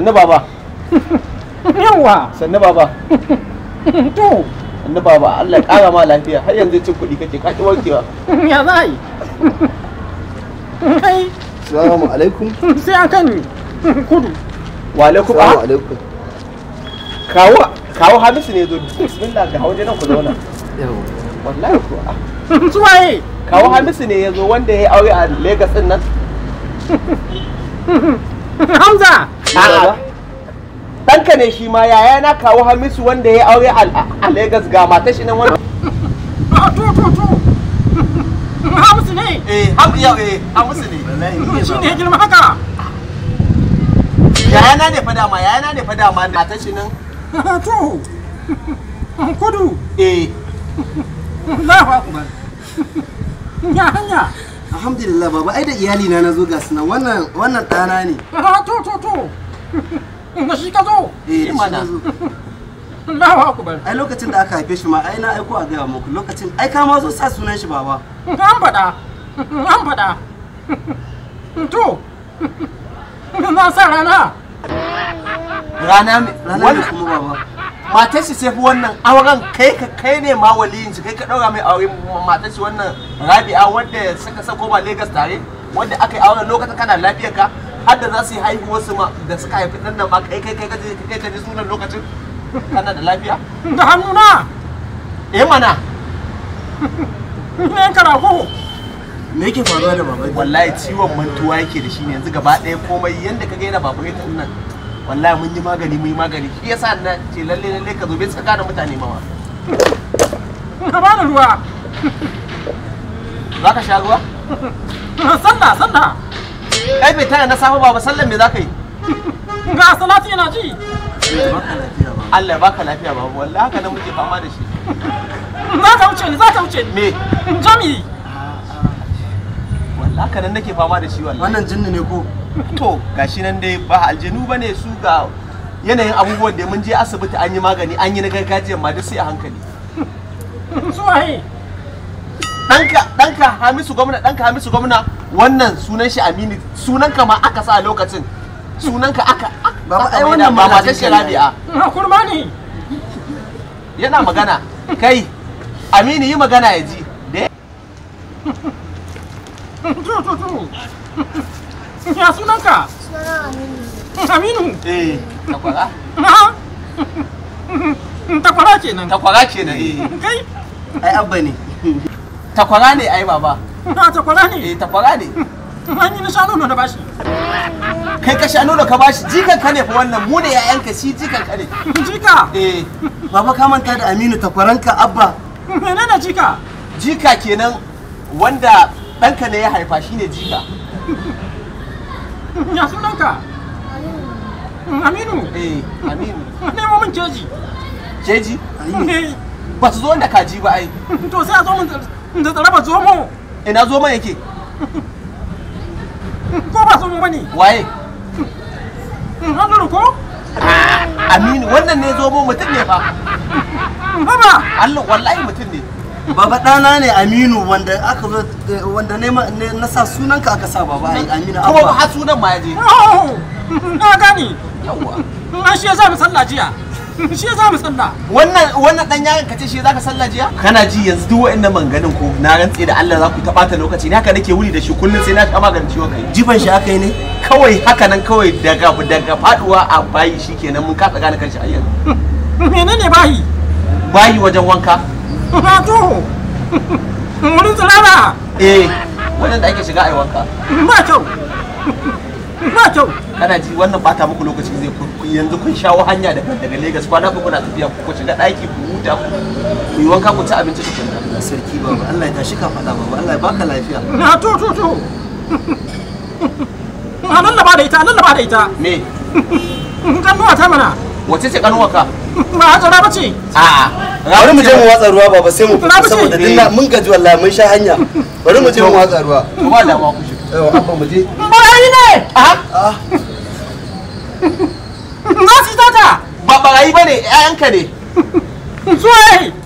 sannu baba yawa sannu baba to sannu baba Allah ya kara ma lafiya har yanzu cin kuɗi kake ka ki warkewa ya za yi kai assalamu alaikum sai an kan kudu wa alaikum assalamu ah? alaikum kawo kawo hamisu ne zo bismillah ga hawaje nan ku zauna wallahi ko suwaye kawo hamisu ne ya zo wanda ya yi aure a Legas din nan Hamza! a'a ɗanka ne shi ma yaya na kawo hamisu wanda ya aure a Legas ga mata shi nan wani. To to to. Hamisu ne. Eh hamisu eh, ne. Hamisu ne. Shi ne girma haka. Yaya na ne fa dama yaya na ne fa dama mata shi nan. To. Kudu. Eh. Allahu akbar. Ya hanya. Alhamdulillah baba ai da iyali na nazo ga sunan wannan wannan ɗana ne. To to to. Eh, na shi ka zo eh mana Allahu akbar ai lokacin da aka haife shi ma ai na aiko a gaya muku lokacin ai ka ma zo sa sunan shi baba an faɗa an faɗa to na sa rana rana rana kuma baba matar shi sai wannan auren kai ka kai ne ma waliyin shi kai ka daura mai aure matar shi wannan rabi'a wanda suka sako ba Lagos tare wanda aka yi auren lokacin kana lafiyar ka Hadda za su yi haihuwar su ma da suka haifi ɗan nan ma kai kai kai kai kai sunan lokacin kana da lafiya da hannuna eh mana ne kana ko me yake faruwa da babai wallahi ciwon mantuwa yake da shi ne yanzu gaba ɗaya komai yanda ka gaina babai ta nan wallahi mun yi magani mun yi magani shi yasa na ce lalle lalle ka zo bai tsaka da mutane ma na ba da ruwa za ka sha ruwa sanna sanna kai bai taya na safe ba sallan me za ka yi ga salati yana ji Allah baka lafiya babu wallahi haka na muke fama da shi za ta wuce ni za ta wuce ni me jami wallahi haka nan nake fama da shi wallahi wannan jinni ne ko to gashi nan dai ba aljanu bane su ga yanayin abubuwan da mun je asibiti an yi magani an yi na gargajiyar ma duk sai a hankali su waye ɗanka ɗanka Hamisu gwamna ɗanka Hamisu gwamna wannan sunan shi Aminu sunanka ma aka sa a lokacin sunanka aka baba ai wannan ma matar shi Rabi'a kurma ne yana magana kai Aminu yi magana ya ji ya sunanka Aminu eh takwara takwara kenan takwara kenan eh kai ai abba ne takwara ne ai baba na takwara ne eh takwara ne mani na shanu na bashi kai ka shanu da ka bashi jikan ka ne fa wannan mu ne ka shi jikan ka ne jika eh baba ka manta da Aminu takwaranka abba menene jika jika kenan wanda ɗanka ne ya haifa shi ne jika ya sunanka aminu eh aminu mu mun jeji jeji ba su zo da kaji ba ai to sai a zo mun da tsaraba mu ina zomo yake ko ba mu bane waye hannun ko aminu wannan ne mu mutum ne fa baba allah wallahi mutum ne baba dana ne aminu wanda aka zo eh, wanda ne na sa ka aka sa baba ai aminu abba kuma ba sunan ma yaje na gani yawa an shi ya sa mu sallah jiya shi za mu sallah. wannan wannan dan yaron kace shi zaka sallah jiya kana ji yanzu duk wa'annan manganin ko na rantse da Allah za ku ta lokaci ne haka nake wuri da shi kullun sai na ta maganin ciwon kai jifan shi aka yi ne kawai haka nan kawai daga daga faduwa a bayi shikenan mun kasa gane kanshi ayyan menene bayi bayi wajen wanka na to wurin tsirara eh wajen da ake shiga ai wanka ba kyau ba kyau kana ji wannan bata muku lokaci zai yanzu kun shawo hanya da daga Lagos kwana ku kuna tafiya ku shiga daki ku huta ku yi wanka ku ci abinci tukunna sarki baba Allah ya tashi ka faɗa baba Allah ya baka lafiya na to to to a nan da ita a nan da ita me kanuwa ta mana wace ce kanuwa ka ba hajara ba bace. a'a bari mu je mu watsa ruwa baba sai mu fita saboda dinna mun gaji wallahi mun sha hanya bari mu je mu watsa ruwa kuma ma ku shi eh abba mu je Eh, ah! Ah! na tata ba barayi ba ne 'ya'yanka ne